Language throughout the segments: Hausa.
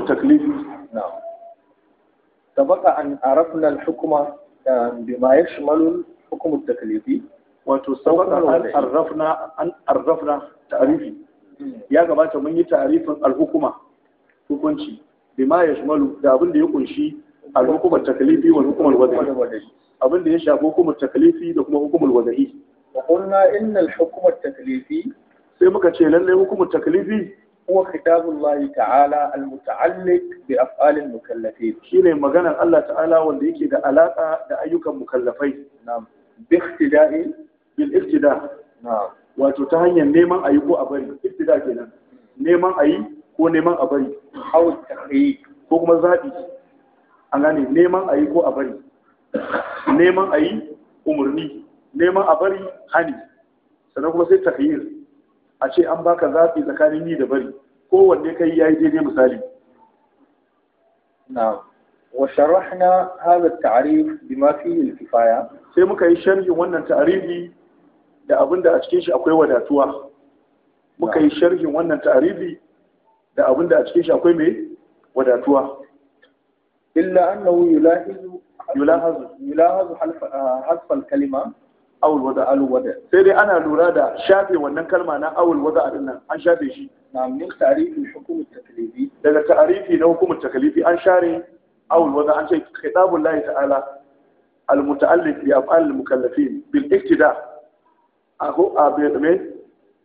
hukumu taklifi sabaka an arafna al-hukma eh, bima yashmalu hukumu taklifi wato sabaka an arafna an arafna ta'rifi ya gabata mun yi ta'rifin al-hukuma hukunci bima yashmalu da abin da ya kunshi al-hukuma taklifi wal hukuma al-wada'i abin da ya shafi hukumar taklifi da kuma hukumar wada'i wa qulna inna al-hukuma taklifi sai muka ce lalle hukumar taklifi هو خطاب الله تعالى المتعلق بأفعال المكلفين شيني مغانا الله تعالى والذيكي دا علاقة دا أيوك مكلفين نعم باختداء بالاختداء نعم وتتهيّن نيما أيوكو أبري اختداء كنا نيما أي ko neman a bari hau tsaye ko kuma zaɓi an gane neman a yi ko a bari neman a yi umarni neman a bari hani sannan kuma sai tafiyir a ce an baka zaɓi tsakanin ni da bari ko wanne kai ya yi daidai misali na wa sharahna hadha at-ta'rif bima fihi al-kifaya sai muka yi sharhi wannan ta'rifi da abinda a cikin shi akwai wadatuwa muka yi sharhi wannan ta'rifi da abinda a cikin shi akwai me wadatuwa illa annahu yulahizu yulahizu halfa halfa al-kalima awul wada alul wada sai dai ana lura da shafe wannan kalma na awul wada a nan an shafe shi na min ta'rifin hukumut taklifi daga ta'rifi na hukumut taklifi an share awul wada an ce khitabul lahi ta'ala al muta'alliq bi af'al al mukallafin bil iktida aho abirme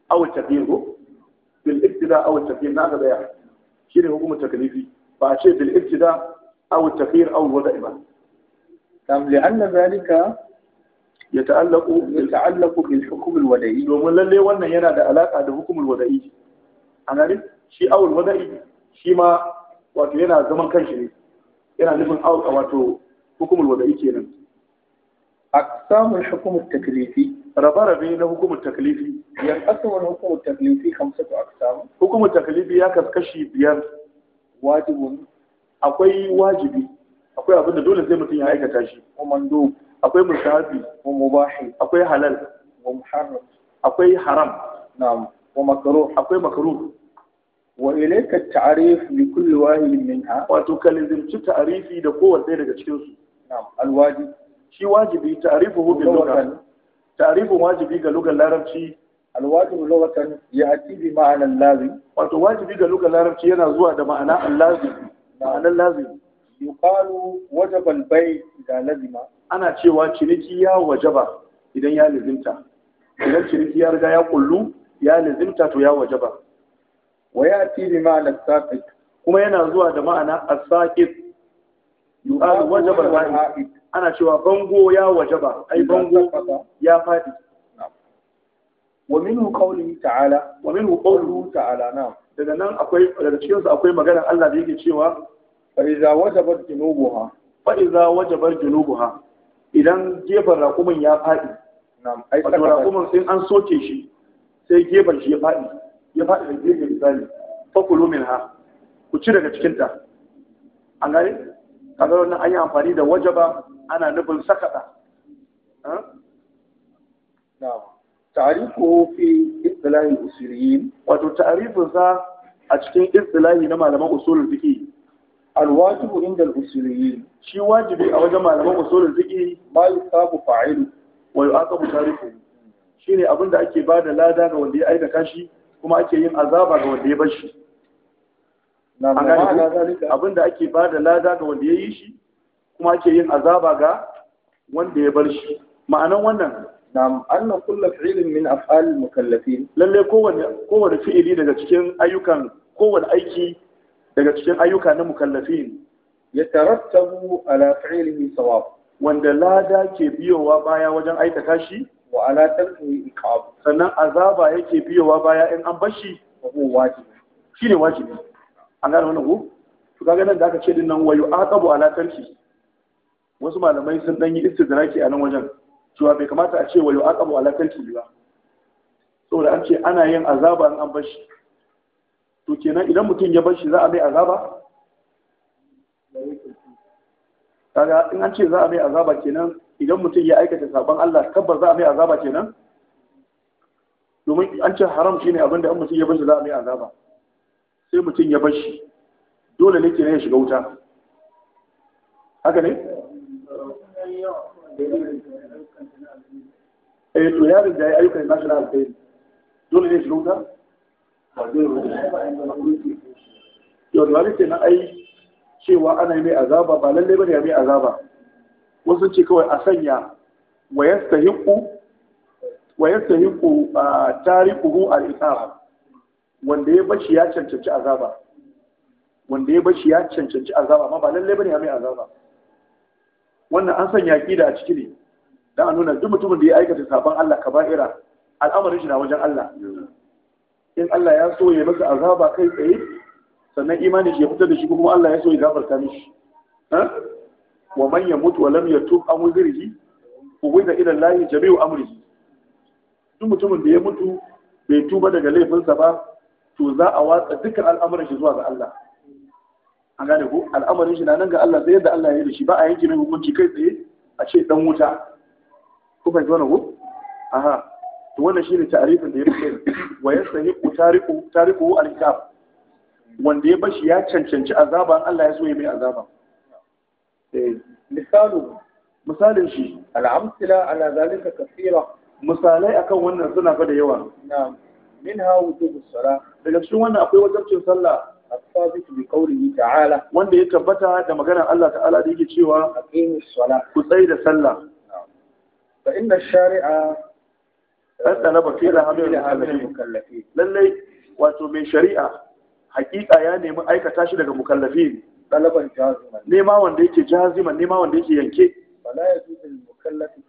aw taqdir bil iktida aw taqdir na gaba ya shine hukumut taklifi ba a ce bil iktida aw taqdir aw wada ba kam li anna zalika ya ta'allaku ya ta'allaku bil hukm al wada'i domin lalle wannan yana da alaka da hukumul wada'i an gane shi awul wada'i shi ma wato yana zaman kanshi ne yana nufin awul wato hukumul wada'i kenan aqsamul hukm al taklifi rabe-rabe na hukumar taklifi yan asaman hukumar taklifi hamsa to aksamu hukumar taklifi ya kaskashi biyar wajibun akwai wajibi akwai abinda dole sai mutum ya aikata shi kuma komando akwai musabi wa mubahi akwai halal wa muharram akwai haram na'am wa makruh akwai makruh wa ilayka ta'rif li kulli wahidin minha wato tu ta'rifi da kowanne daga cikin su na'am alwajib shi wajibi ta'rifuhu bil lugha ta'rifun wajibi ga lugar larabci alwajibu lughatan ya'ti bi ma'ana al wato wajibi ga lugar larabci yana zuwa da ma'ana al-lazim ma'ana al-lazim yukalu wajaba bai da lazima ana cewa ciniki ya wajaba idan ya lazimta idan ciniki ya riga ya kullu ya lazimta to ya wajaba wa ti bi ma'ana saqit kuma yana zuwa da ma'ana as saqit yukalu wajaba bai ana cewa bango ya wajaba ai bango ya fadi ومنه ta'ala wa minhu قوله ta'ala نعم daga nan akwai daga cikin su akwai maganar Allah da yake cewa fa'iza wajabar junubuha fa'iza wajabar junubuha idan gefen raƙumin ya faɗi wato raƙumin in an soke shi sai gefen shi ya faɗi ya faɗi da gefe misali fakulu min ha ku ci daga cikinta an gani kaga wannan an yi amfani da waje ba? ana nufin sakaɗa ta'arifu fi istilahi usuriyin wato ta'arifin sa a cikin istilahi na malaman usulul fiqh الواجب عند الاصوليين شي shi wajibi a wajen malaman usulul fiqh ma yusabu fa'ilu wa yu'aqabu tariku shine abin da ake bada lada ga wanda ya aika shi kuma ake yin azaba ga wanda ya bar shi abin da ake bada lada ga wanda ya yi shi kuma ake yin azaba ga wanda ya bar shi ma'anan wannan na'am anna kullu fi'lin min af'al mukallafin lalle kowanne kowanne fi'ili daga cikin ayyukan kowanne aiki daga cikin ayyuka na mukallafin ya tarattabu ala fa'ilihi sawab wanda lada ke biyowa baya wajen aikata shi wa ala tarkihi iqab sannan azaba yake biyowa baya in an shi wa wajibi shine wajibi an gane wannan ko to kaga nan da aka ce dinnan wayu aqabu ala tarki wasu malamai sun dan yi istidraki a nan wajen cewa bai kamata a ce wayu aqabu ala tarki ba saboda an ce ana yin azaba in an shi to kenan idan mutum ya bar shi za a mai azaba kaga in an ce za a mai azaba kenan idan mutum ya aikata sabon Allah tabbas za a mai azaba kenan domin an ce haram shine da an mutum ya bar shi za a mai azaba sai mutum ya bar shi dole ne kenan ya shiga wuta haka ne eh to yarin da ya ayyukan national dole ne shiga wuta yau da wani kenan ai cewa ana yi mai azaba ba lallai bane ya mai azaba wasu ce kawai a sanya wa yastahiqu a yastahiqu tariquhu a isa wanda ya bashi ya cancanci azaba wanda ya bashi ya cancanci azaba amma ba lallai bane ya mai azaba wannan an sanya da a ciki ne dan a nuna duk mutumin da ya aikata saban Allah ka ba'ira al'amarin shi na wajen Allah in Allah ya so ya masa azaba kai tsaye sannan imanin shi ya fitar da shi kuma Allah ya so ya gafarta mishi wa man yamut wa lam yatub an wuzirihi uwida ila Allah jami'u amrihi duk mutumin da ya mutu bai tuba daga laifinsa ba to za a watsa dukkan al'amuran shi zuwa ga Allah an gane ko al'amarin shi na nan ga Allah sai yadda Allah ya yi da shi ba a yanke mai hukunci kai tsaye a ce dan wuta ku fahimci wannan ko aha to wannan shine ta'arifin da ya fi wa yastahiqu tariqu tariqu al-hisab wanda ya bashi ya cancanci azaba Allah ya so ya mai azaba eh, misalu misalin shi al-amsila ala zalika kathira misalai akan wannan suna fa da yawa na'am minha wujubu salat daga cikin wannan akwai wajibcin sallah الثابت بقوله تعالى wanda ya tabbata da maganar Allah ta'ala da yake cewa aqimus salat ku tsaya da sallah fa inna shari'a ɗan ɗalaba fila da mukallafi lallai wato mai shari'a hakika ya nemi aikata shi daga mukallafi ɗalaban jaziman nema wanda yake jaziman nema wanda yake yanke bala ya mukallafi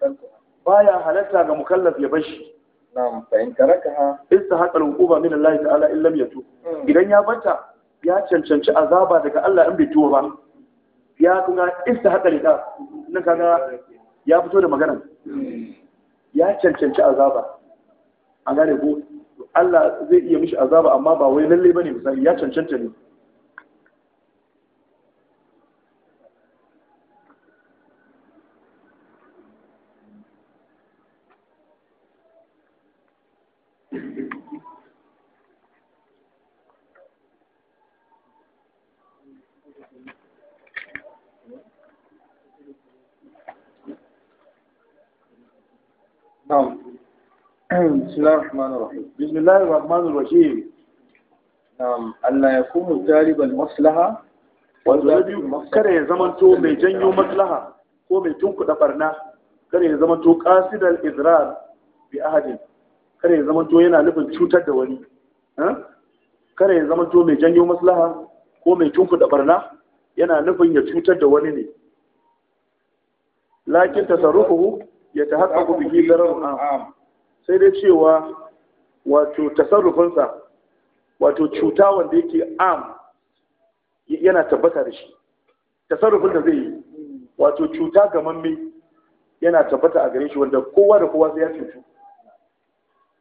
baya halatta ga mukallaf ya bashi na'am fa in tarakaha istahaqa al-uquba min Allah ta'ala in lam yatub hmm. idan ya banta ya cancanci azaba daga Allah in bai tuwa ba ya kuma istahaqa al-uquba nan kaga ya fito da magana hmm. ya cancanci azaba A gane ko Allah zai iya mishi azaba amma ba wai lalle bane misali ya cancanta ne بسم الله الرحمن الرحيم بسم الله الرحمن الرحيم نعم ألا يكون جالب المصلحة والذي كره يزمنتو مي جنيو مصلحة ko mai tunkuɗa barna kare ya zama ƙasidar izrar bi ya yana nufin cutar da wani kare ya zama mai janyo maslaha ko mai tunkuɗa barna yana nufin ya cutar da wani ne lakin tasarrufuhu ya ta haƙa ku bihi zarar am sai dai cewa wato tasarrufinsa wato cuta wanda yake am yana tabbata da shi tasarrufin da zai yi wato cuta ga mamme yana tabbata a gare shi wanda kowa da kowa sai ya cutu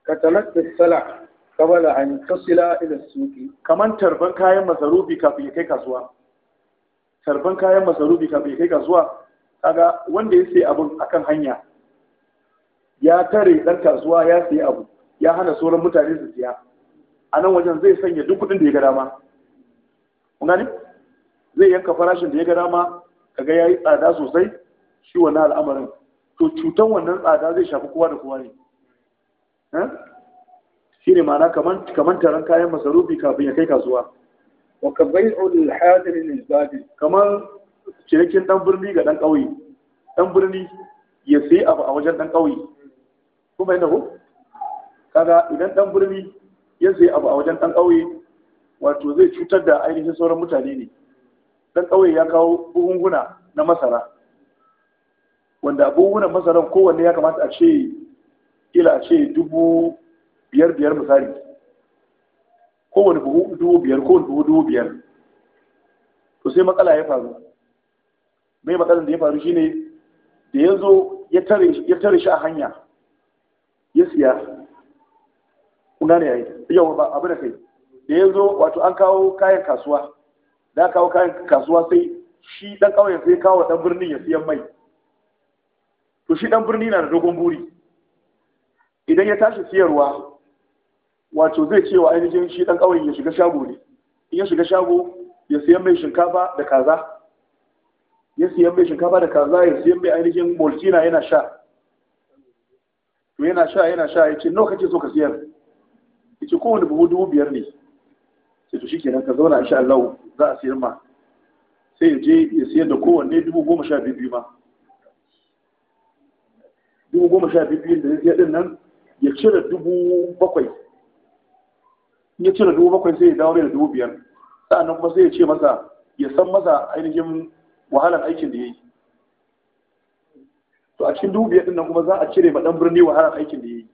ka talatta sala kabala an tasila ila suki kaman tarban kayan masarufi kafin ya kai kasuwa tarban kayan masarufi kafin ya kai kasuwa kaga wanda ya sai abun akan hanya ya tare dan kasuwa ya sayi abu ya hana sauran mutane su siya a nan wajen zai sanya duk kuɗin da ya ga dama kun gani zai yanka farashin da ya ga dama kaga yayi tsada sosai shi wannan al'amarin to cutan wannan tsada zai shafi kowa da kowa ne eh? shi ne ma'ana kaman taron kayan masarufi kafin ya kai kasuwa wa ka bai'ul hadir lil babi kaman cinikin dan birni ga dan ƙauye dan birni ya sayi abu a wajen dan ƙauye kuma yana ku kaga idan dan birni ya sai abu a wajen dan ƙauye wato zai cutar da ainihin sauran mutane ne dan ƙauye ya kawo buhunguna na masara wanda buhunan masaran kowanne ya kamata a ce ila a ce dubu biyar biyar misali kowane buhu dubu biyar kowane buhu dubu biyar to sai matsala ya faru mai matsalar da ya faru shine da ya zo ya tare shi a hanya ya siya ne gane yau ba abu da kai da ya zo wato an kawo kayan kasuwa da kawo kayan kasuwa sai shi dan ƙauyen sai kawo dan birnin ya siyan mai to shi dan birni na da dogon buri idan ya tashi siyarwa wato zai cewa ainihin shi dan ƙauyen ya shiga shago ne in ya shiga shago ya siyan mai shinkafa da kaza ya siyan mai shinkafa da kaza ya siyan mai ainihin bolcina yana sha to yana sha yana sha ya ce nawa kake so ka siyar ya ce kowane buhu dubu biyar ne sai to shikenan ka zauna insha Allah za a siyar ma sai ya je ya siyar da kowanne dubu goma sha biyu ma dubu goma sha biyu da ya din nan ya cire dubu bakwai in ya cire dubu bakwai sai ya dawo da dubu biyar sa'annan kuma sai ya ce masa ya san masa ainihin wahalar aikin da ya yi to a cikin dubu biyar din nan kuma za a cire ma dan birni wahala aikin da yayi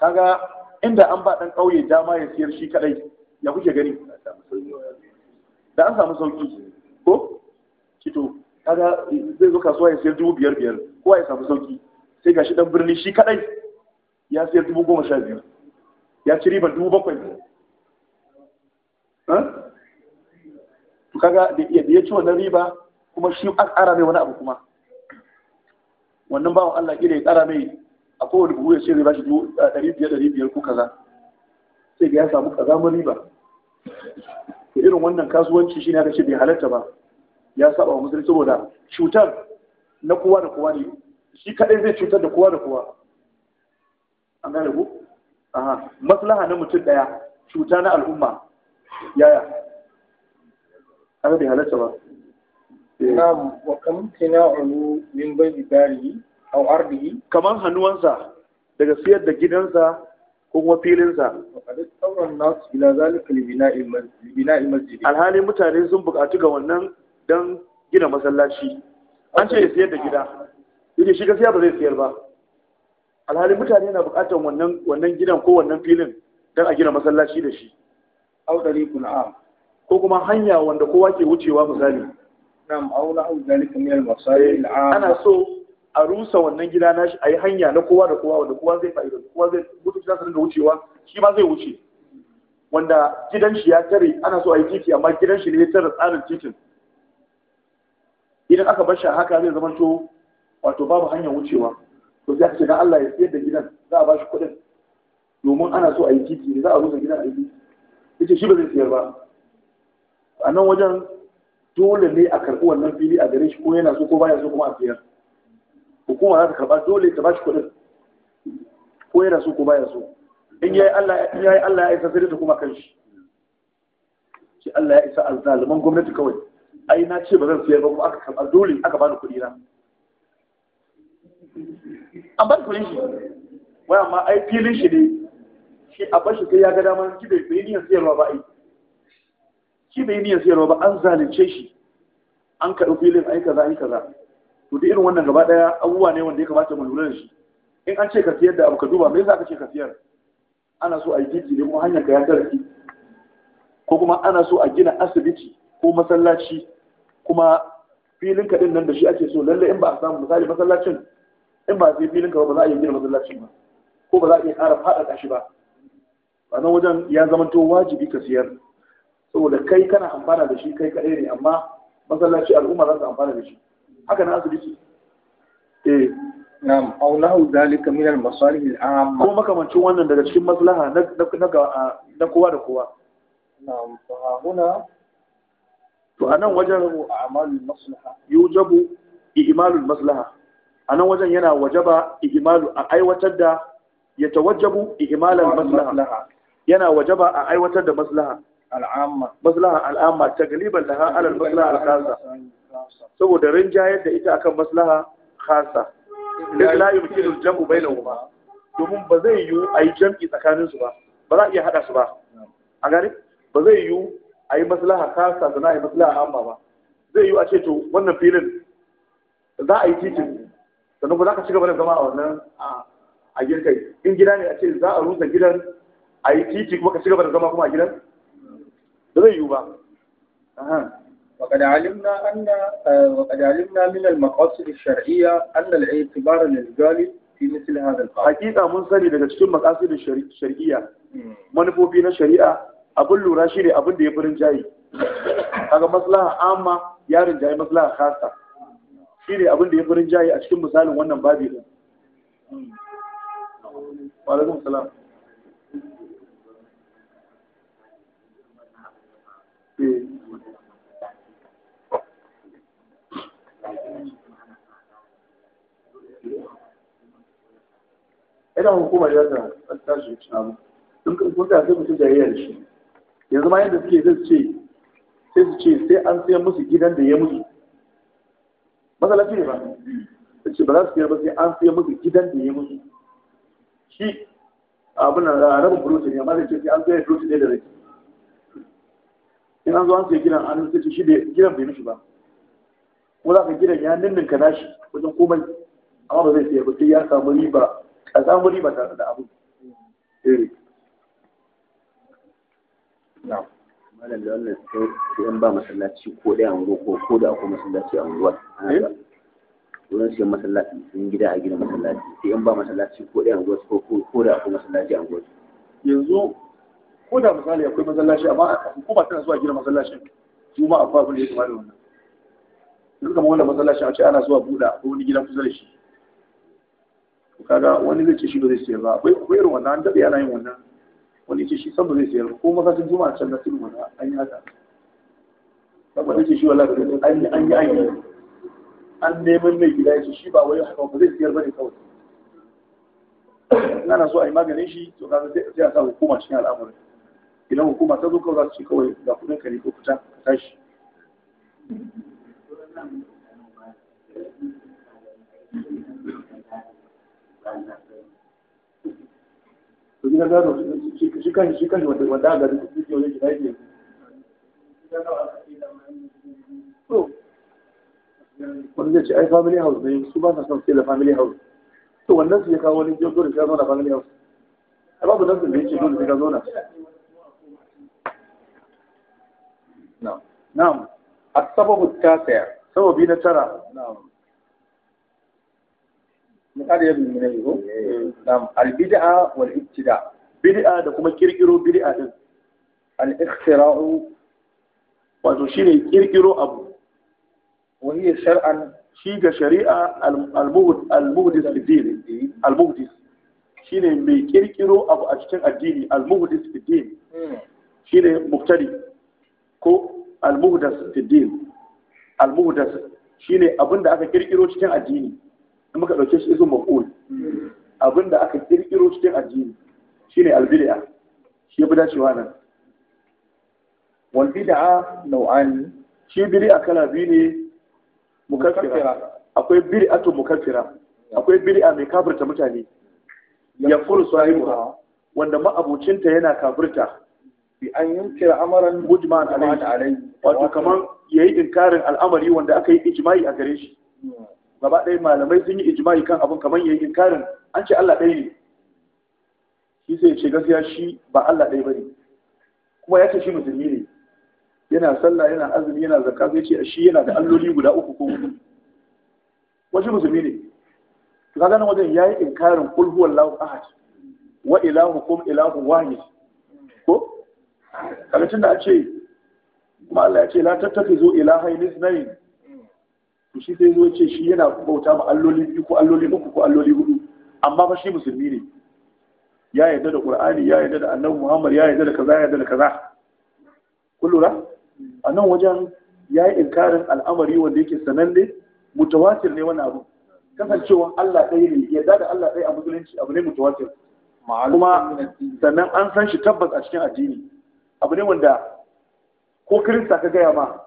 kaga inda an ba dan kauye dama ya siyar shi kadai ya kuke gani da an samu sauki ko kito kaga zai zo kasuwa ya siyar dubu biyar biyar kowa ya samu sauki sai gashi dan birni shi kadai ya siyar dubu goma sha biyu ya ci riba dubu bakwai to kaga da ya ci wannan riba kuma shi an ƙara mai wani abu kuma wannan bawan Allah da ya tsara mai a kowane buhu ya ce zai bashi ɗari biyar ɗari biyar ko kaza sai ga ya samu kaza ma riba to irin wannan kasuwanci ne aka ce bai halarta ba ya saba wa musulunci saboda cutar na kowa da kowa ne shi kadai zai cutar da kowa da kowa an gane ku aha maslaha na mutum daya cuta na al'umma yaya aka bai halarta ba Na'am wa kam tina'u min bayyi darihi aw ardihi kaman hannuwansa daga siyar da gidansa ko kuma filinsa. Alhali mutane sun buƙatu ga wannan don gina masallaci. An ce ya siyar da gida, yake shi gaskiya ba zai siyar ba. Alhali mutane na buƙatar wannan gidan ko wannan filin don a gina masallaci da shi. Au kuna ko kuma hanya wanda kowa ke wucewa misali. Eh, ana so a rusa wannan gida a yi hanya na kowa da kowa wanda kowa zai fa'ida kowa zai shi na su da wucewa shi ma zai wuce wanda gidan shi ya tare ana so a yi titi amma gidan shi ne ya tara tsarin titin idan aka bar shi haka zai zama to wato babu hanyar wucewa to sai aka Allah ya siyar da gidan za a ba shi kuɗin domin ana so a yi titi ne za a rusa gidan a yi titi shi ba zai siyar ba a nan wajen dole ne a karɓi wannan fili a gare shi ko yana so ko baya so kuma a siyar hukuma za ta karɓa dole ta ba shi kuɗin ko yana so ko baya so in yayi Allah in yayi Allah ya isa sai ta kuma kan shi shi Allah ya isa azzaliman gwamnati kawai ai na ce ba zan siyar ba kuma aka karɓa dole aka bani kuɗi na an bar kuɗin shi wai amma ai filin shi ne shi a bashi kai ya ga dama shi bai bai yin siyarwa ba ai shi bai niyyar siyarwa ba an zalunce shi an karɓi filin ai kaza ai kaza to duk irin wannan gaba daya abubuwa ne wanda ya kamata mu lura da shi in an ce ka siyar da abu ka duba me yasa aka ce ka siyar ana so a yi titi ne kuma hanyar ka ya tarafi ko kuma ana so a gina asibiti ko masallaci kuma filin ka din nan da shi ake so lalle in ba a samu misali masallacin in ba sai filin ka ba za a yi gina masallacin ba ko ba za a iya ƙara faɗaɗa shi ba wannan wajen ya zamanto wajibi ka siyar saboda kai kana amfana da shi kai kaɗai ne amma masallaci al'umma za su amfana da shi haka na asibiti eh nam aw lahu zalika min al-masalih al-amma ko makamancin wannan daga cikin maslaha na na kowa da kowa nam fa huna to anan wajen a'malul maslaha yujabu i'malul maslaha anan wajen yana wajaba ihmalu a aiwatar da yatawajjabu i'malul maslaha yana wajaba a aiwatar da maslaha al'amma maslaha al'amma ta galiban da alal maslaha al-khasa saboda rinjayar da ita akan maslaha khasa idan la yumkinu al-jam'u bainahuma domin ba zai yiwu a yi jam'i tsakaninsu ba ba za a iya haɗa su ba a gani ba zai yiwu a yi maslaha kasa da na yi maslaha amma ba zai yiwu a ce to wannan filin za a yi titin sannan ba za ka ci gaba da zama a wannan a girkai in gida ne a ce za a rusa gidan a yi titi kuma ka ci gaba da zama kuma a gidan ba zai yiwu ba وقد علمنا أن وقد علمنا من المقاصد الشرعية أن الاعتبار للجالي في مثل هذا القول حقيقة من sani daga cikin maqasid hmm. manufofi na shari'a abin lura da ya furin jayi kaga maslaha amma yarin jayi maslaha khassa shi ne abin da ya furin jayi a cikin misalin wannan babi din hmm. idan hukumar yadda a tashi cikin abu sun kuta sai mutum jayayya da shi yanzu ma yadda suke zai ce sai su ce sai an siya musu gidan da ya mutu matsalaci ne ba su ce ba za su siya ba sai an siya musu gidan da ya mutu shi abin nan rabin burusi ne amma zai ce sai an siya burusi ne da rai ina an zo sai gidan an sai shi gidan bai mishi ba ko za ka gidan ya ka nashi wajen komai amma ba zai sayar ba sai ya samu riba a samu riba tare da abu eh. malam da wannan sai in ba masallaci ko ɗaya a ko ko da akwai masallaci a unguwar eh? wurin sai masallaci sun gida a gina masallaci sai in ba masallaci ko ɗaya a ko ko da akwai masallaci a yanzu ko da misali akwai masallaci amma hukuma tana zuwa gina masallacin su ma akwai abin da ya da wannan duk kamar wanda masallacin a ce ana zuwa buɗa ko wani gidan kusa da shi kaga wani zai ce shi ba zai sayar ba akwai akwai irin wannan an daɗe ana yin wannan wani ce shi san ba zai sayar ba ko masallacin a can na sirri wannan an yi haka saboda ce shi wallahi an yi an yi an yi an neman mai gida ya ce shi ba wai haka ba zai sayar ba ne kawai ina so a yi maganin shi to kaga sai a sa hukuma cikin al'amarin idan hukuma ta zo kawai za su ce kawai ga kudin ka ne ko fita ka tashi to gina gado shi kan shi kan wanda wanda ga duk duk yau ne shi aiki to wanda zai ce ai family house ne su ba sa son sai da family house to wannan su ya kawo wani jiyo dole sai ya zauna family house a babu nan da ya ce dole sai ka zauna na'am na'am as-sababu at na tara na'am misali ya bin ne ko na'am al-bid'a wal ibtida bid'a da kuma kirkiro bid'a din al-ikhtira'u wato shine kirkiro abu wa hiya shar'an shi ga shari'a al-muhdis din al-muhdis mai kirkiro abu a cikin addini al-muhdis hmm. al ko al-muhdas fi din al-muhdas shine abinda aka kirkiro cikin addini in muka dauke shi izin abin abinda aka kirkiro cikin addini shine al-bid'a shi bi dacewa nan wal bid'a nau'an shi bid'a kala biyu ne mukaffira akwai bid'atu mukaffira akwai bid'a mai kafirta mutane ya furu sahibuha wanda ma'abucinta yana kafirta bi an yunkira amaran mujma'an alaihi wato kamar ya yi inkarin al'amari wanda aka yi ijima'i a gare shi gaba ɗaya malamai sun yi ijima'i kan abin kaman yayi inkarin an ce Allah ɗaya ne shi sai ce gaskiya shi ba Allah ɗaya ba ne. kuma ya ce shi musulmi ne yana sallah yana azumi yana zakka sai ce shi yana da alloli guda uku ko hudu wasu musulmi ne to kaga nan wajen yayi inkarin qul ahad wa ilahukum ilahu wahid ko kaga da ce kuma Allah ya ce la tattakizu ilaha nisnayn to shi sai zo ce shi yana bauta ma alloli biyu ko alloli uku ko alloli hudu amma fa shi musulmi ne ya yarda da qur'ani ya yarda da annabi muhammad ya yarda da kaza ya yarda da kaza kun lura a nan wajen ya yi inkarin al'amari wanda yake sananne mutawatir ne wani abu kasancewa Allah ɗaya ne yarda da Allah ɗaya a musulunci abu ne mutawatir kuma sannan an san shi tabbas a cikin addini abu ne wanda ko kirista ka gaya ma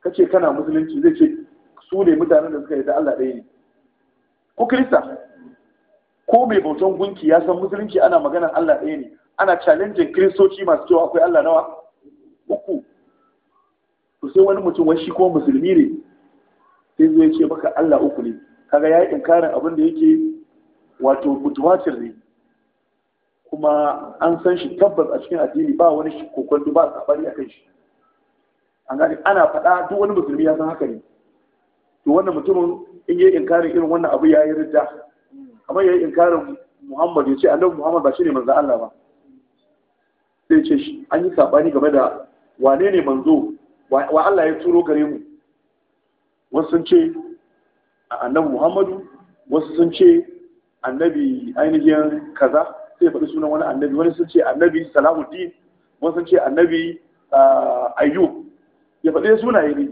ka ce kana musulunci zai ce su ne mutanen da suka yi da Allah ɗaya ne ko kirista ko mai bautan gunki ya san musulunci ana magana Allah ɗaya ne ana challenging kiristoci masu cewa akwai Allah nawa uku to sai wani mutum wani shi ko musulmi ne sai zai ce maka Allah uku ne kaga ya yi inkarin abin da yake wato mutuwatir ne kuma an san shi tabbas a cikin addini ba wani shi kokonto ba sabari a kan shi an gani ana faɗa duk wani musulmi ya san haka ne to wannan mutumin in yi inkarin irin wannan abu ya yi ridda kamar ya yi inkarin muhammad ya ce annabi muhammad ba shi ne manzo allah ba sai ce shi an yi sabani game da wane ne manzo wa allah ya turo gare mu wasu sun ce annabi muhammadu wasu sun ce annabi ainihin kaza sai ya faɗi sunan wani annabi wani sun ce annabi salamuddin wani sun ce annabi ah, ayyub ya faɗi sunaye ne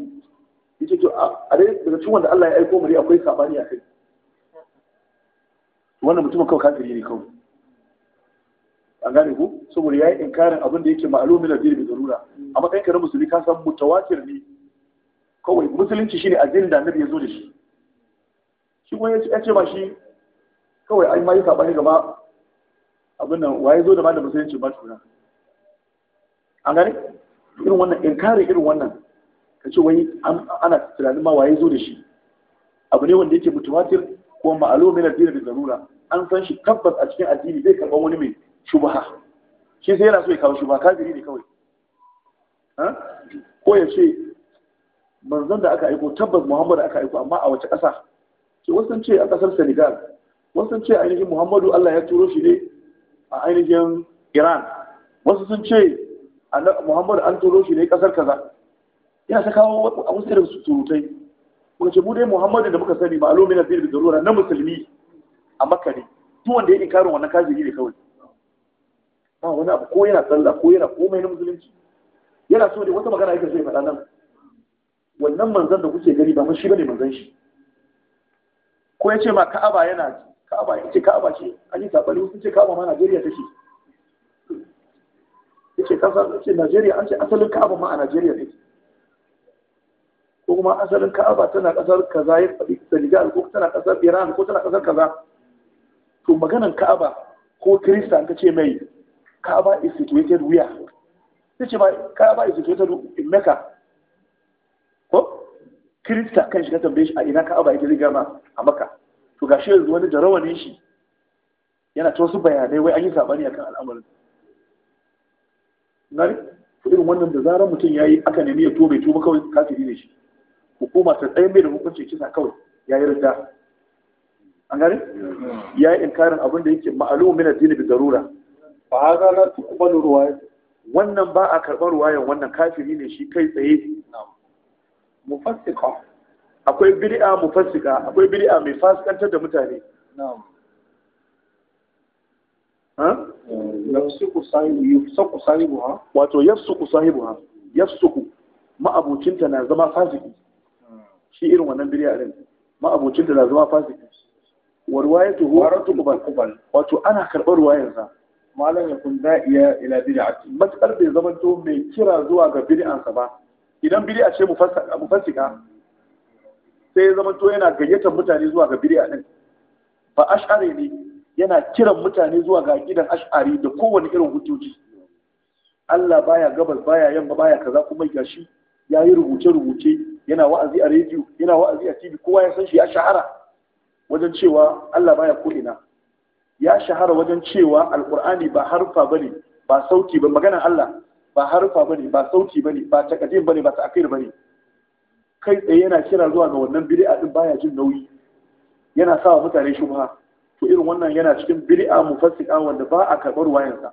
Ya ce to a dai daga cikin wanda Allah ya aiko mu akwai sabani a kai wannan mutumin kawai kafiri ne kawai an gane ku saboda ya yi inkarin abin da yake ma'alumi na biyu da zarura a matsayin ka na musulmi ka san mutawatir ne kawai musulunci shine addinin da annabi ya zo da shi shi kuma ya ce ba shi kawai an ma yi sabani gaba abin nan waye zo da ba da musulunci ba tukuna an gane irin wannan in kare irin wannan ka ce wai ana tunanin ma waye zo da shi abu ne wanda yake mutuwatir ko ma'alo min addini bi zarura an san shi tabbas a cikin addini zai karban wani mai shubha shi sai yana so ya kawo shubha kafiri ne kawai ko ya ce manzon da aka aiko tabbas muhammadu aka aiko amma a wace ƙasa ce wasan ce a ƙasar senegal wasan ce ainihin muhammadu allah ya turo shi ne a ainihin iran wasu sun ce muhammadu an turo shi ne kasar kaza ya ta kawo a wasu irin turutai kuma ce dai muhammadu da muka sani ba alo mina zirbi da zarura na musulmi a makka ne duk wanda ya inkarin wannan kaji ne kawai ba wani abu ko yana tsalla ko yana komai na musulunci yana so ne wata magana yake so ya faɗa nan wannan manzan da kuke gani ba shi bane manzan shi ko ya ce ma ka'aba yana ka'aba in ce ka'aba ce an yi sabani sun ce ka'aba ma Najeriya take ce. kasa ce Najeriya an ce asalin ka'aba ma a Najeriya take ko kuma asalin ka'aba tana kasar kaza ya faɗi Senegal ko tana kasar Iran ko tana kasar kaza to maganan ka'aba ko Kirista ka ce mai ka'aba is situated where ta ce ba ka'aba is situated in Mecca ko Kirista kan shiga tambaye shi a ina ka'aba yake zai gama a Makka shi yanzu wani ne shi yana ta wasu bayanai wai an yi sabani akan al'amarin nari irin wannan da zarar mutum ya yi aka nemi ya tobe tuba kawai kafiri ne shi hukuma ta tsaye mai da hukuncin kisa kawai ya yi rinda an gane ya yi inkarin abin da yake ma'alumu mina addini bi darura fa hada su kuma ruwaya wannan ba a karɓar ruwayan wannan kafiri ne shi kai tsaye mufassiqa akwai bid'a mufassika akwai bid'a mai fasikantar da mutane na'am ha yafsuku sahibu yafsuku sahibu ha wato yafsuku sahibu ha yafsuku ma'abocinta na zama fasiki shi irin wannan bid'a din ma'abocinta na zama fasiki wa riwayatu huwa ratubal qubal wato ana karbar yanzu. malam ya kun da'iya ila bid'ati matakar bai zama to mai kira zuwa ga bid'ansa ba idan bid'a ce mufassika sai ya zama to yana gayyatar mutane zuwa ga bid'a din fa ash'ari ne yana kiran mutane zuwa ga gidan ash'ari da kowane irin hujjoji Allah baya gabas baya yamma baya kaza kuma gashi ya yi rubuce-rubuce yana wa'azi a rediyo yana wa'azi a tv kowa ya san shi ya shahara wajen cewa Allah baya ko ina ya shahara wajen cewa alqur'ani ba harfa bane ba sauti ba maganar Allah ba harfa bane ba sauti bane ba takadim bane ba ta'akhir bane kai tsaye yana kira zuwa ga wannan bid'a din baya jin nauyi yana sa wa mutane shubha to irin wannan yana cikin bid'a mufassika wanda ba a karɓar wayansa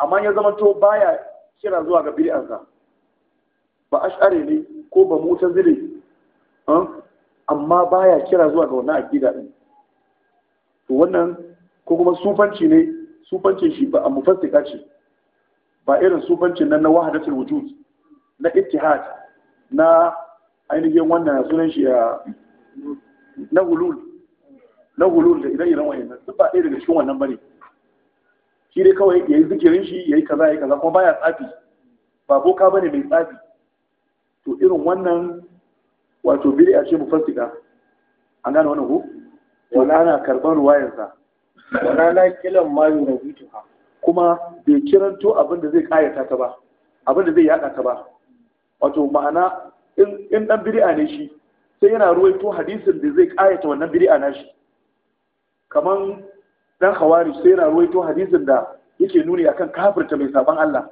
amma ya zama to baya kira zuwa ga sa ba ash'ari ne ko ba mutazili eh, amma baya kira zuwa ga wannan aqida din to wannan ko kuma sufanci ne sufancin shi ba a mufassika ce ba irin sufancin nan na wahdatul wujud na ittihad na ainihin wannan sunan shi na hulul na hulul da idan iran wayan duk ba ɗaya daga cikin wannan bane shi dai kawai ya yi zikirin shi ya yi kaza ya yi kaza kuma baya tsafi ba boka bane mai tsafi to irin wannan wato a ce mu fasika an gane wannan ko wala ana karban ruwayansa wala la kilan ma yunabituha kuma bai kiranto abin da zai kayata ta ba abin da zai yada ta ba wato ma'ana in dan bid'a ne shi sai yana ruwaito hadisin da zai kayata wannan bid'a nashi kaman dan hawari sai yana ruwaito hadisin da yake nuni akan kafirta mai saban Allah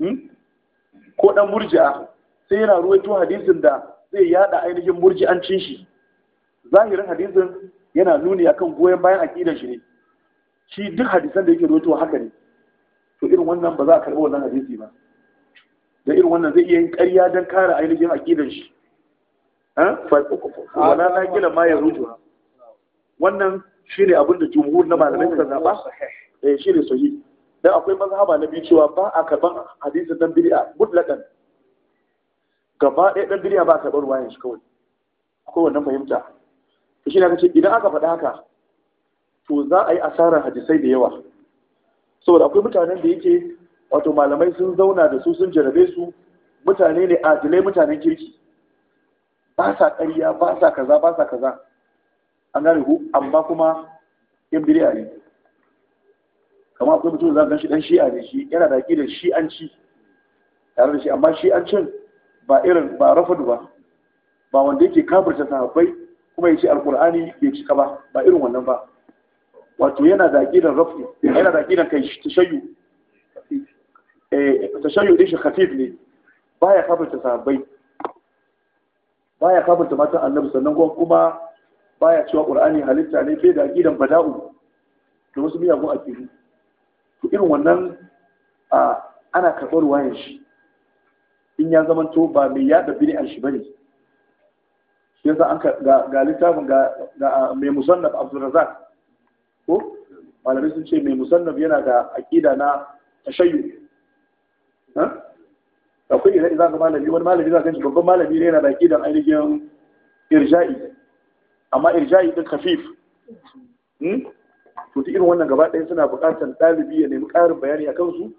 hmm? ko dan murji'a sai yana ruwaito hadisin da zai yada ainihin murji'ancin shi zahirin hadisin yana nuni akan goyon bayan aqidar shi ne shi duk hadisan da yake ruwaito haka ne to irin wannan ba za a karɓi wannan hadisi ba da irin wannan zai iya yin ƙarya don kare ainihin aƙidar shi wala na gila ma ya rujo wannan shi ne abinda jumhur na malamai suka zaɓa ya eh, shi ne sahi dan akwai mazhaba na biyu cewa ba a karɓar hadisin dan bid'a mutlaqan gaba ɗaya dan biriya ba a karɓar ruwayan shi kawai akwai wannan fahimta to shi ne ce idan aka faɗa haka to za a yi asarar hadisai da yawa saboda akwai mutanen da yake wato malamai sun zauna da su sun jarabe su mutane ne adilai mutanen kirki ba sa ƙarya ba sa kaza ba sa kaza an gane ku amma kuma yan biriya ne kama akwai mutum za gan shi dan shi'a ne shi yana da da shi'anci tare da shi amma shi'ancin ba irin ba rafadu ba ba wanda yake kafirta sahabbai kuma ya ce alkur'ani bai cika ba ba irin wannan ba wato yana da da rafu yana da da kai tashayyu Tashar eh, tashayyu'u din shi khafif ne baya kafirta sahabbai baya kafirta matan annabi sannan kuma baya cewa qur'ani halitta ne bai da aqidan bada'u da wasu miyagun aqidu to irin wannan a ana karɓar wayan shi in ya zama to ba mai yaɗa bini'an shi bane shi yasa an ga ga littafin ga ga mai musannaf Abdulrazak ko malamai sun ce mai musannaf yana da aqida na tashayyu akwai idan za ka malami wani malami za ka ji babban malami ne yana da kidan ainihin irja'i amma irja'i din kafif hmm? to irin wannan gaba ɗaya suna buƙatar ɗalibi ya nemi ƙarin bayani a kansu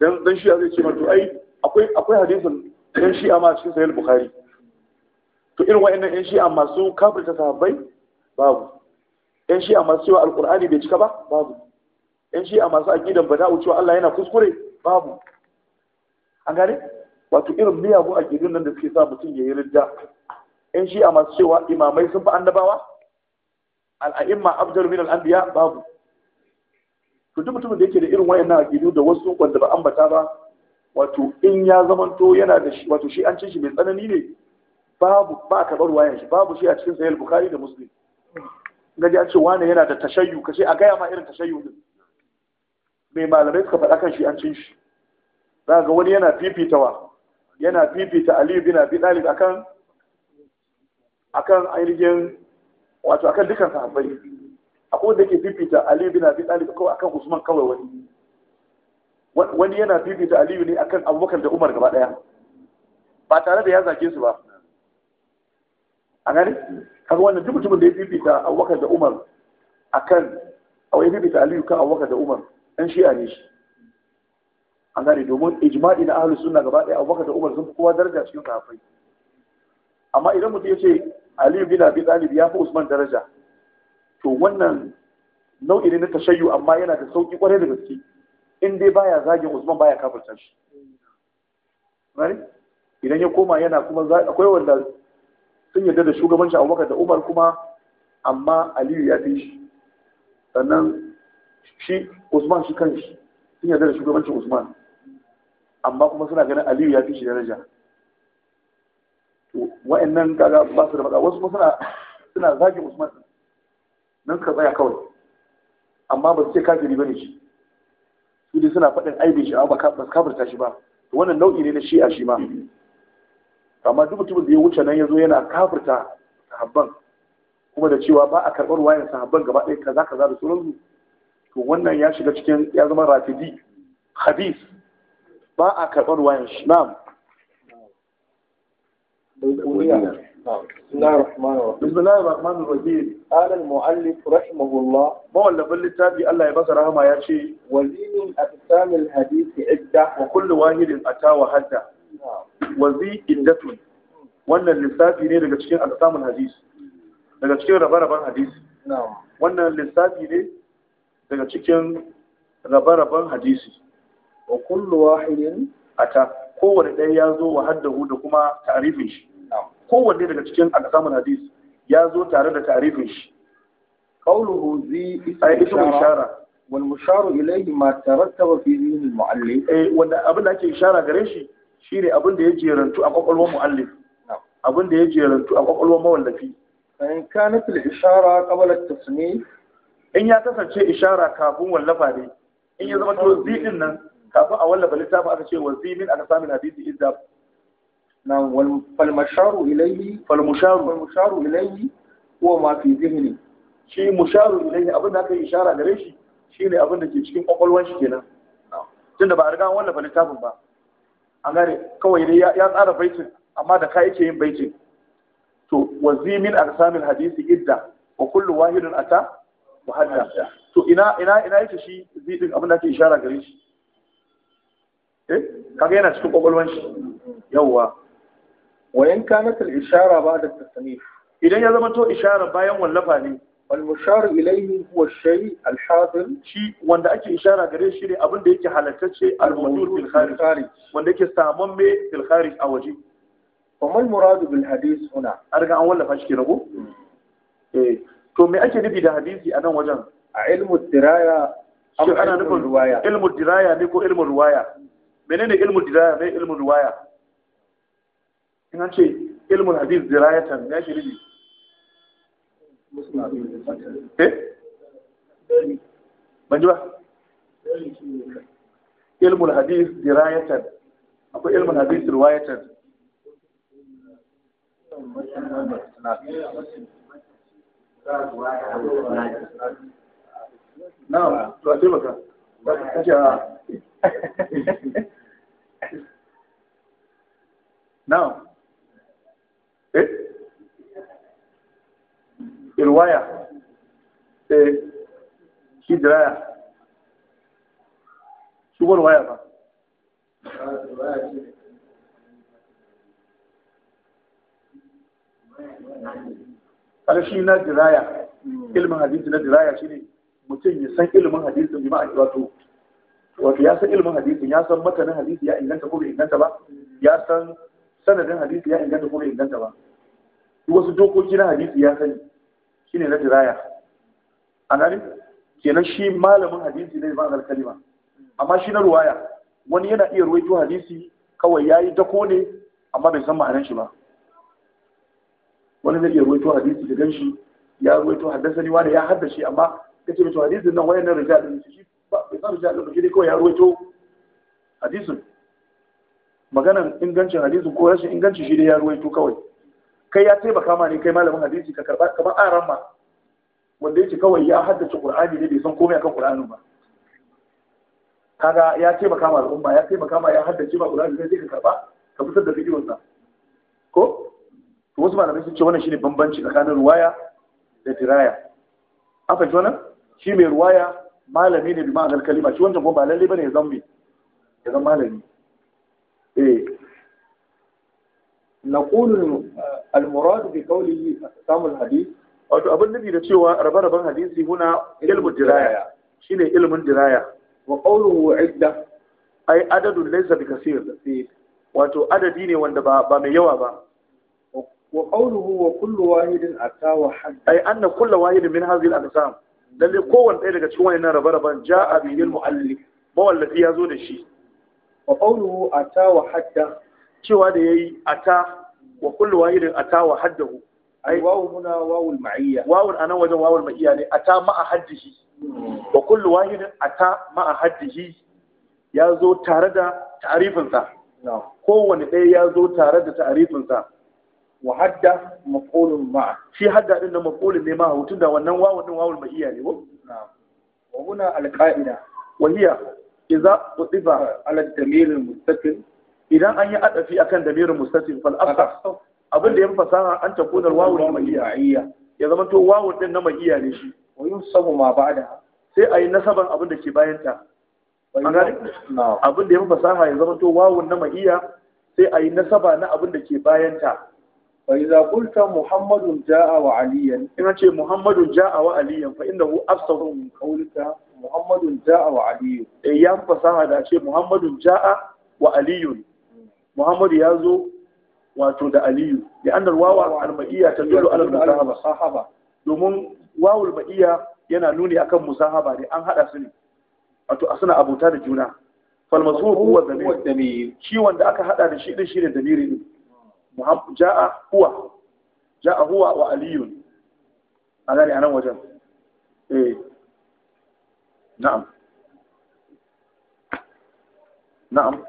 dan dan shi zai ce ma to ai akwai akwai hadisin dan shi a cikin sahih bukhari to irin wa'annan yan shi'a masu kafirta sahabbai babu yan shi'a masu cewa alqur'ani bai cika ba babu yan shi'a masu aqidan bada'u cewa Allah yana kuskure babu an gane wato irin miyagu a gidin nan da suke sa mutum ya yi rida in shi a masu cewa imamai sun fi annabawa al'a'imma abdul min al'anbiya babu to duk mutumin da yake da irin wayannan aqidu da wasu wanda ba ambata ba wato in ya zamanto yana da shi wato shi an cin shi mai tsanani ne babu ba ka bar wayan shi babu shi a cikin sahih bukhari da muslim gaji an ce wani yana da tashayyu kace a gaya ma irin tashayyu din mai malamai suka faɗa kan shi an cin shi za ga wani yana fifitawa yana fifita aliyu bin abi talib akan akan ainihin wato akan dukkan sahabbai akwai wanda yake fifita aliyu bin abi talib ko akan usman kawai wani wani yana fifita aliyu ne akan abubakar da umar gaba daya ba tare da ya zage su ba a gani kaga wannan duk mutumin da ya fifita abubakar da umar akan a ya fifita aliyu kan abubakar da umar dan shi'a ne shi an gane domin ijma'i na ahlus sunna gaba ɗaya abubakar da umar sun fi kowa daraja cikin kafai amma idan mutum ya ce aliyu bin abi talib ya fi usman daraja to wannan nau'i ne na tashayyu amma yana da sauki kwarai da gaske in dai baya zagin usman baya kafirta shi idan ya koma yana kuma akwai wanda sun yarda da shugabancin abubakar da umar kuma amma aliyu ya fi shi sannan shi usman shi kan shi sun yarda da shugabancin usman amma kuma suna ganin aliyu ya fi shi daraja wa'annan kaga ba su da matsala wasu suna suna zagin usman nan ka tsaya kawai amma ba su ce kafiri ne shi su dai suna faɗin aibin shi amma ba su kafirta shi ba to wannan nau'i ne na shi'a shi ma amma duk mutumin da ya wuce nan ya zo yana kafirta sahabban kuma da cewa ba a karɓar wayan sahabban gaba ɗaya kaza kaza da sauransu to wannan ya shiga cikin ya zama rafidi hadis ba a karɓar wayan shi na Allah ya basa rahama ya ce wazinin a tsamil hadisi idda wa kullu wahidin ata wa hadda wazi iddatun wannan lissafi ne daga cikin al-samun hadisi daga cikin rabe-raben hadisi wannan lissafi ne daga cikin rabe-raben hadisi wa kullu wahidin ata kowanne ɗaya ya zo wa haddahu da kuma ta'rifin shi kowanne daga cikin aqsamul hadis ya zo tare da ta'rifin shi qawluhu zi ishara wal musharu ilayhi ma tarattaba fi zihni muallif eh wanda abin da ake ishara gare shi shine abin da ya jerantu a kwakwalwar muallif abin da ya jerantu a kwakwalwar mawallafi in kana fil ishara qabla at tasnif in ya kasance ishara kafin wallafa ne in ya zama to zi din nan kafin a wallafa littafin aka ce wanzi min aka sami hadisi idda na falmasharu ilayhi falmasharu falmusharu ilayhi ko ma fi zihni shi musharu ilayhi abin da aka yi ishara gare shi shine abin da ke cikin kwakwalwan shi kenan tunda ba a riga wallafa littafin ba an gare kawai dai ya tsara baitin amma da ka yake yin baitin to wanzi min aka aqsamil hadisi idda wa kullu wahidun ata wa hadda to ina ina ina yake shi zidin abin da ake ishara gare shi eh kaga yana cikin kwakwalwan shi yawwa wayan kanat ishara ba ba'da tasnif idan ya zama to ishara bayan wallafa ne wal mushar ilayhi huwa shay al hadir shi wanda ake ishara gare shi ne abin da yake halatacce al mawdu' fil kharij wanda yake samun me fil kharij a waje kuma al murad bil hadith huna arga an wallafa shi rago hmm. eh to me ake nufi da hadisi a nan wajen a ilmu diraya ana nufin ilmu diraya ne ko ilmu ruwaya menene ilmul diraya ne ilmul riwaya in an ce ilmul hadith dirayatan ya shi rubi eh ban ji ba ilmul hadith dirayatan akwai ilmul hadith riwayatan na'am to a taimaka kace a ah, na'am eh irwaya eh shi ba ƙarshi na diraya ilmin hadisi na diraya shi ne mutum ya san ilimin hadisin bi ma'ana wato wato ya san ilimin hadisi, ya san matanin hadisi ya inganta ko bai inganta ba ya san sanadin hadisi ya inganta ko bai inganta ba wasu dokoki na hadisi ya sani shine na diraya a gani kenan shi malamin hadisi ne ba kalima amma shi na ruwaya wani yana iya ruwaito hadisi kawai yayi dako ne amma bai san ma'anar shi ba wani zai iya ruwaito hadisi da ganshi ya ruwaito haddasa ni wani ya haddashi. amma kace mai to hadisin nan wayannan rijal din shi bai maganan ingancin hadisin ko rashin inganci shi dai ya ruwaito kawai kai ya taimaka ma ne kai malamin hadisi ka karba kamar aran ma wanda yake kawai ya haddace qur'ani ne bai san komai akan qur'anin ba kaga ya taimaka ma al'umma ya taimaka ma ya haddace ma qur'ani sai ka karba ka fitar da fikirin sa ko to wasu malamai sun ce wannan shine bambanci tsakanin ruwaya da diraya an fahimci wannan shi mai ruwaya malami ne bi ma'anar kalima shi wancan kuma ba lalle bane ya zambi ya zama malami eh naqulu al-murad bi qawlihi samun hadith wato abin nabi da cewa rabe-raben hadisi huna ilmun diraya shine ilmin diraya wa qawluhu idda ai adadun laysa bi kaseer wato adadi ne wanda ba mai yawa ba wa qawluhu wa kullu wahidin atawa hadd ai anna kullu wahidin min hadhihi al-aqsam lalle kowanne ɗaya daga cikin wayannan rabe-raben ja'a bihil mu'allif wallafi ya zo da shi wa qawluhu ata wa hadda cewa da yayi ata wa kullu wahidin ata wa haddahu ai wawu muna wawul ma'iyya wawun anan wajen wawul ma'iyya ne ata ma'a haddihi wa kullu wahidin ata ma'a haddihi ya zo tare da ta'arifinsa kowanne ɗaya ya zo tare da ta'arifinsa wa hadda maf'ulun ma shi hadda ɗin nan maf'ulun ne ma hutun da wannan wawun din wawul ma'iya ne ko na'am wa huna alqa'ida za hiya idza utiba ala damir mustaqil idan an yi adafi akan damir mustaqil fal afsah abin da ya fi fasaha an takuna wawul ma'iya ya zama to wawun din na ma'iya ne shi wa yusabu ma ba'da sai a yi nasaban abin da ke bayan ta abin da ya fi fasaha ya zama to wawun na ma'iya sai a yi nasaba na abin da ke bayan ta fa idza qulta muhammadun jaa wa aliyan in ce muhammadun jaa wa aliyan fa innahu afsahu min qawlika muhammadun jaa wa aliyun eh ya fasaha da ce muhammadun jaa wa aliyun muhammadu ya zo wato da aliyu da annal wawa al-ma'iyya tadullu ala musahaba domin wawul ma'iyya yana nuni akan musahaba ne an hada su ne wato suna abota da juna aka haɗa da shi din shi ne ne ja'a huwa huwa wa a a nan wajen eh. na'am na'am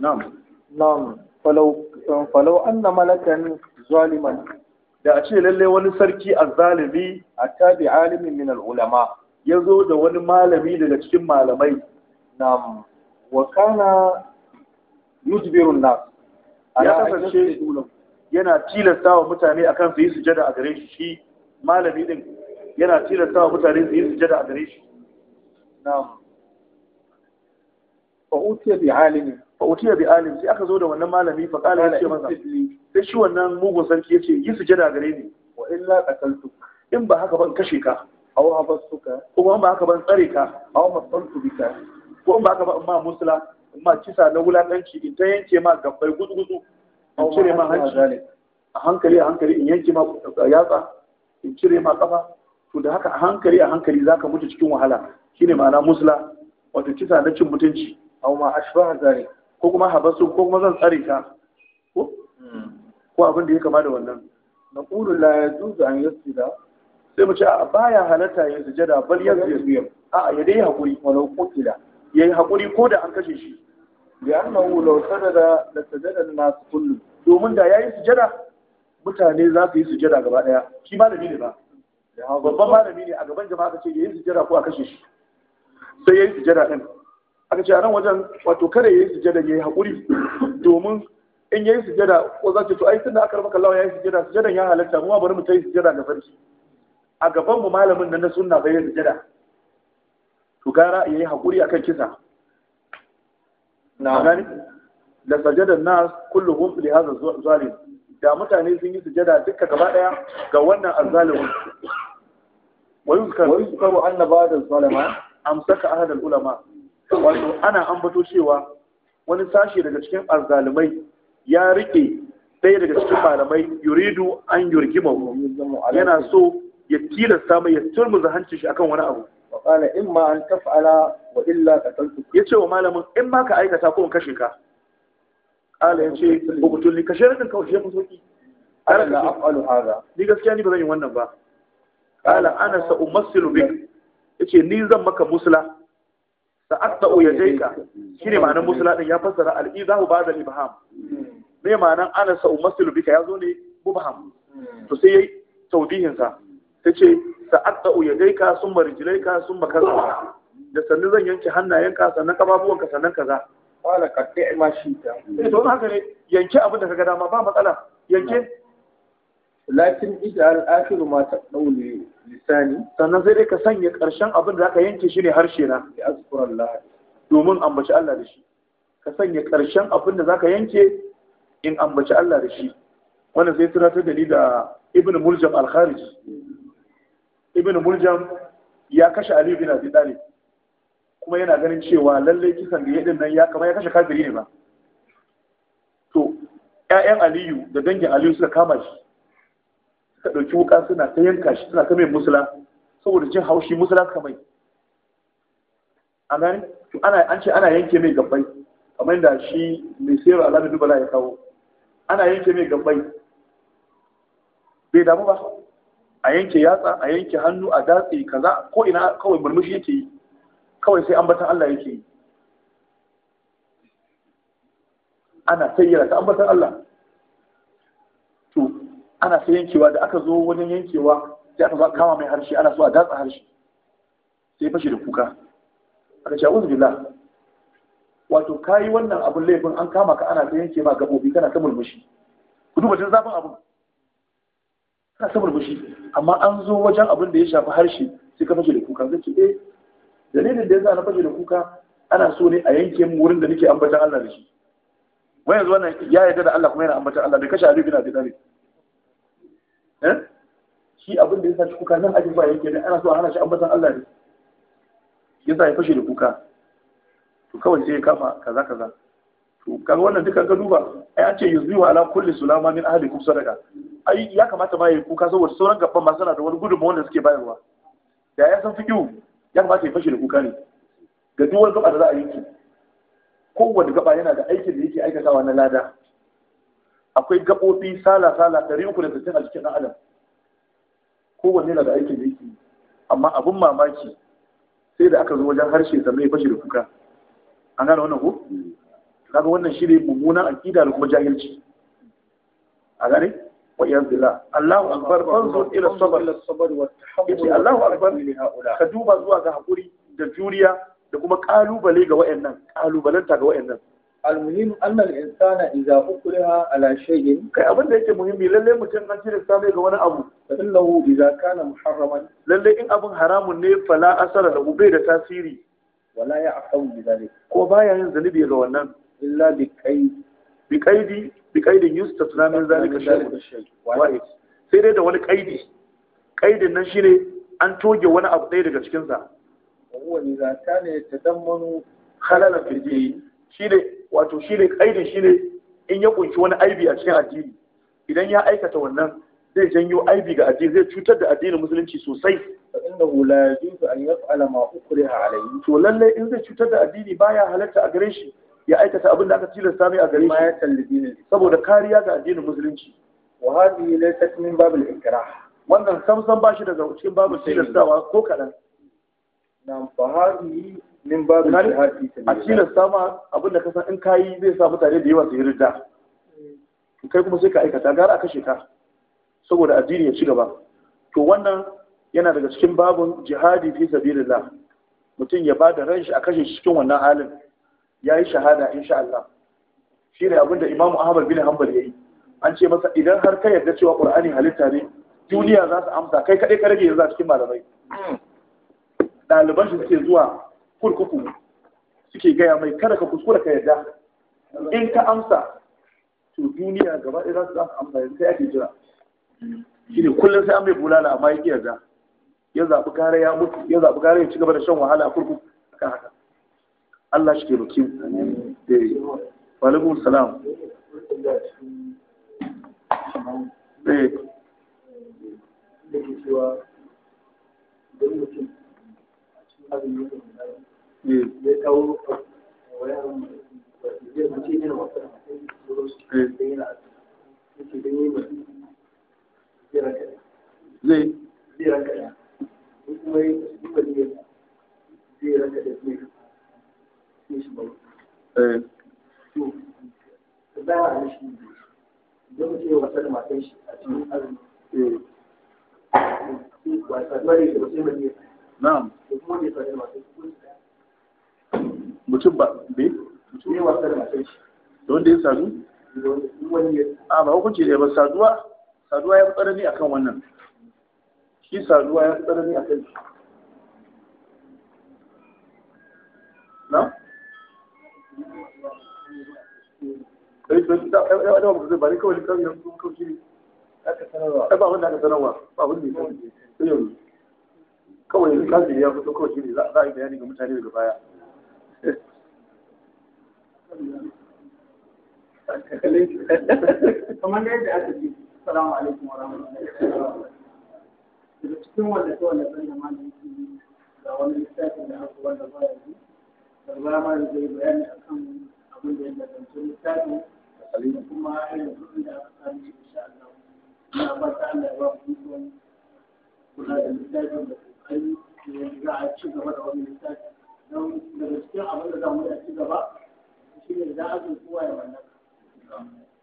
na'am na'am falau eh, falau anna malakan zaliman da a ce lalle wani sarki a azzalimi a tabi alimin min ulama ya zo da wani malami daga cikin malamai na'am wa kana yujbirun nas ya kasance yana tilasta wa mutane akan su yi sujada a gare shi shi malami din yana tilasta wa mutane su yi sujada a gare shi Na. fa'utiya bi alimi fa'utiya bi alim sai aka zo da wannan malami fa kala ya ce masa sai shi wannan mugun sarki ya ce yi jada gare ni wa illa qataltu in ba haka ban kashe ka aw habastuka ko in ba haka ban tsare ka aw masaltu bika ko in ba haka ba ma musula in ma kisa na wulakanci in ta yanke ma gabbai gudugudu in cire ma hanci a hankali a hankali in yanke ma yatsa in cire ma kafa to da haka a hankali a hankali zaka mutu cikin wahala shine ma'ana musula wato kisa na cin mutunci aw ma ashbaha ذلك ko kuma habasu ko kuma zan tsare ta ko ko abin da ya kama da wannan naqulu la yuzu an yasjuda sai mu ce a baya halatta yin sujada bal yasjuda a ya dai hakuri walau kutila yayi hakuri ko da an kashe shi li'annahu law sadada la sadada an-nas kullu domin da yayi sujada mutane za su yi sujada gaba daya shi malami ne ba babban malami ne a gaban jama'a ka ce yayi sujada ko a kashe shi sai yayi sujada din aka ce a nan wajen wato kada ya yi sujada ya yi haƙuri domin in ya yi sujada ko za ce to ai tunda aka rama kallawa ya yi sujada sujadan ya halatta mu bari mu ta yi sujada ga farki a gaban mu malamin nan na sunna bai yi sujada to gara ya yi haƙuri akan kisa na gani da sajadan nas kulluhum li hadha zalim da mutane sun yi sujada duka gaba daya ga wannan azzalimin wa yuzkaru annaba da zalima amsaka ahadul ulama kamar ana ambato cewa wani sashi daga cikin arzalumai ya rike ɗaya daga cikin malamai yuridu an yurgi mahu yana so ya tilasta mai ya turmuza hanci shi a kan wani abu wakala in ma an taf'ala wa illa ka tantu ya ce wa malamin in ma ka aikata ko in kashe ka ala ya ce bukutun ni kashe rikin kawai shekun sauki ala na afalu haza ni gaskiya ni ba zan yi wannan ba ala ana sa'u masilu bi ya ce ni zan maka musula ta asda'u ya jaika ka, shine ma'anar musula ya fassara al'izahu ba da ibham Me ma'anar ana sa'u masilu bika ya zo ne mubham to sai yayi sa ta ce ta o ya ka, sun ka, sun makarsa da sannu zan yanke hannayenka sannan kafafuwanka sannan kaza wala ka kai ma shi ta eh, to haka ne yanke abin da kaga dama ba matsala yanke lakin idan akhiru ma ta daule lisani sannan sai dai ka sanya ƙarshen abin da zaka yanke shi ne harshe na ya azkura Allah domin ambaci Allah da shi ka sanya ƙarshen abin da zaka yanke in ambaci Allah da shi wannan sai tunatar da ni da Ibn Muljam al-Kharij Ibn Muljam ya kashe Ali bin Abi Talib kuma yana ganin cewa lallai kisan da yadin nan ya kama ya kashe kafiri ne ba to ƴaƴan Aliyu da dangin Aliyu suka kama shi suka ɗauki wuƙa suna ta yanka shi suna ta mai musula saboda jin haushi musula suka mai a gani an ce ana yanke mai gabbai kamar yadda shi mai sayarwa alamin dubala ya kawo ana yanke mai gabbai bai damu ba a yanke yatsa a yanke hannu a datse kaza ko ina kawai murmushi yake yi kawai sai ambatan Allah yake yi ana sayyara ta ambatan Allah ana sai yankewa da aka zo wajen yankewa sai aka zo kama mai harshe ana so a datsa harshe sai fashe da kuka aka ce a'udhu billah wato kayi wannan abun laifin an kama ka ana sai yanke ma gabobi kana ta murmushi ku duba jin zafin abun kana ta murmushi amma an zo wajen abin da ya shafi harshe sai ka fashe da kuka zai ce eh dalilin da yasa na fashe da kuka ana so ne a yanke mu wurin da nake ambaton Allah da shi wai yanzu wannan ya yarda da Allah kuma yana ambaton Allah bai kashe Ali bin Abi Talib Eh? shi abin da ya sace kuka nan ajin ba yake ne ana so a hana shi ambatan Allah ne ya sa ya fashe da kuka to kawai sai ya kama kaza kaza to kaga wannan duka ka duba ai an ce yuzbihu ala kulli sulama min kum sadaqa ai ya kamata ma yayi kuka saboda sauran gaban ma suna da wani gudun wanda suke bayarwa da ya san fiqhu ya kamata ya fashe da kuka ne ga duk wani gaba da za a yi ki kowanne gaba yana da aikin da yake aikatawa na lada akwai gaɓoɓi sala-sala 360 a cikin adam kowanne na da aikin da yake amma abin mamaki sai da aka zo wajen harshe sannan mai bashi da kuka an gane wannan ko kaga wannan shi ne mummunan aƙida da kuma jahilci a gane wa iyan zila Allahu akbar fanzur ila tahammul ila Allahu akbar ka duba zuwa ga hakuri da juriya da kuma kalubale ga wayannan kalubalanta ga wayannan almuhim anna al-insana idza ukriha ala shay'in kai abin da yake muhimmi lalle mutum an cire same ga wani abu fa innahu idza kana muharraman lalle in abin haramun ne fala asara da bai da tasiri wala ya asamu bi zalik ko baya yin zalibi ga wannan illa bi kai bi kaidi bi kaidin yusta tunanin zalika shay'un wahid sai dai da wani kaidi kaidin nan shine an toge wani abu ɗaya daga cikinsa. sa za ta ne ta dammanu khalalan fi shi ne wato shi ne ƙaidin shi ne in ya ƙunshi wani aibi a cikin addini idan ya aikata wannan zai janyo aibi ga addini zai cutar da addinin musulunci sosai فإنه لا يجوز أن يفعل ما a عليه to lalle in zai cutar da addini baya halatta a gare shi ya aikata abin da aka tilasta mai a gare shi ya saboda kariya ga addinin musulunci wa hadhihi laysat min bab al-ikrah wannan samsan bashi daga cikin babu tilastawa ko kadan nan fa hadhihi min babu jihadi a cikin ma abin da ka san in kayi zai sa mutane da yawa su yi ridda kai kuma sai ka aikata gara a kashe ka saboda addini ya ci gaba to wannan yana daga cikin babun jihadi fi sabilillah mutum ya bada ran shi a kashe shi cikin wannan halin yi shahada insha Allah Shi ne abinda Imam Ahmad bin Hanbal yi. an ce masa idan har ka yarda cewa Qur'ani halitta ne duniya za su amsa kai kadai ka rage yanzu a cikin malamai hmm. ɗaliban shi suke zuwa kurkuku suke gaya mai kada ka kuskura ka yarda in ka amsa to duniya gaba ɗaya za su amsa yanzu sai ake jira ne kullum sai an mai bulala amma ya yadda ya zaɓi kare ya mutu ya zaɓi kare ya ci gaba da shan wahala a kurkuku akan haka Allah shi ke roki mu eh, wa salam da eh. ke cewa don mutum a cikin da ya ɗau hukunci da ba saduwa saduwa ya a akan wannan shi saduwa ya tsanani akan shi na eh, eh, eh da ba kawai kawai eh, aka sanarwa ba wanda aka ba kawai yanzu ya kawai shi ne za a yi bayani ga mutane daga baya kamar da yadda aka ce salamu alaikum wa rahmatullahi daga cikin wanda ta wanda zan zama da yake ga wani littafin da aka wanda ba ya ji daga ma da zai bayani a kan abin da ya danganci littafin da kuma irin kudin da aka samu shi insha Allah na ba ta Allah ya ba ku ikon kula da littafin da kokari da za a ci gaba da wani littafin don daga cikin abin da za mu yi a ci gaba shi ne za a zo kowa ya wannan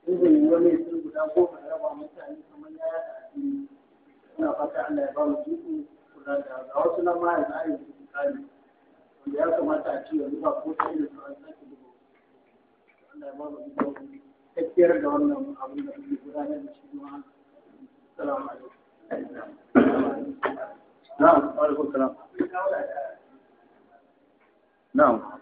izini wani sun guda goma da raba mutane kamar ya yada addini suna fata Allah ya ba mu kula da ga wasu nan ma yanzu ayin su wanda ya kamata a ci yanzu ba ko ta irin su an sake dubo Allah ya ba mu tafiyar da wannan abin da muke gudanar da shi ma alaikum na'am alaikum salam na'am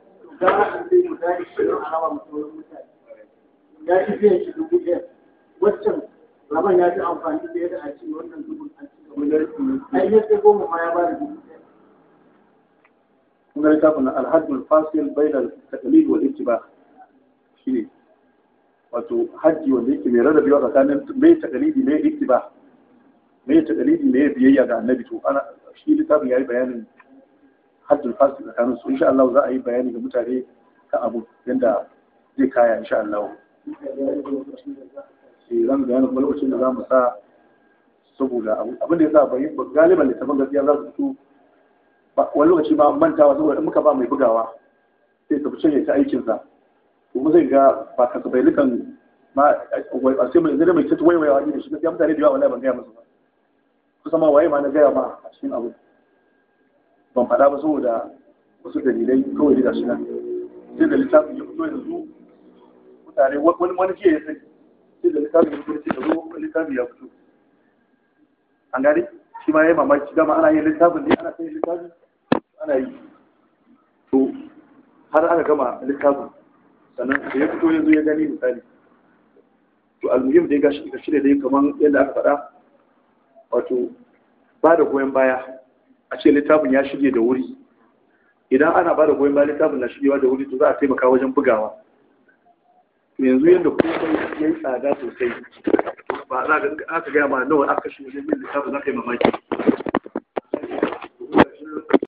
don haka zai mu gani shirin a raba mutum mutane ya ci biyan shi dubu ɗaya waccan rabon ya fi amfani da yadda a ce wannan dubu an ci gaba da rikin ai ya sai goma ma ya ba da dubu ɗaya kuma littafin alhajjul fasil bainal taqlid wa ittiba shine wato hajji wanda yake mai rarrabewa tsakanin mai taqlidi mai ittiba mai taqlidi mai biyayya ga annabi to ana shi littafin yayi bayanin haddul fasil tsakanin su insha Allah za a yi bayani ga mutane ta abu yadda zai kaya insha Allah eh, zan bayani kuma lokacin da za mu sa saboda abin da ya sa bai galiban littafin gaskiya za su fito wani lokaci ba mantawa saboda muka ba mai bugawa sai tafi canye ta aikinsa kuma zai ga ba ka bai likan ma a sai mai zai mai tattu waiwaiwa ne da shi gaskiya mutane da yawa wani ban gaya musu ba kusa ma waye ma na gaya ma a cikin abu ban faɗa ba saboda wasu dalilai kawai da shi nan sai da littafin ya fito yanzu mutane wani wani jiya ya sai sai da littafin ya fito da zo littafin ya fito an gani shi ma ya mamaki dama ana yin littafin ne ana sai littafin ana yi to har aka gama littafin sannan da ya fito yanzu ya gani misali to almuhim gashi da shi da dai kamar yadda aka faɗa wato ba da goyon baya a ce littafin ya shige da wuri idan ana ba da goyon ba littafin na shigewa da wuri to za a taimaka wajen bugawa yanzu yadda kuma ya yi tsada sosai ba za ka gaya ma nawa aka shi wajen yin littafin za ka yi mamaki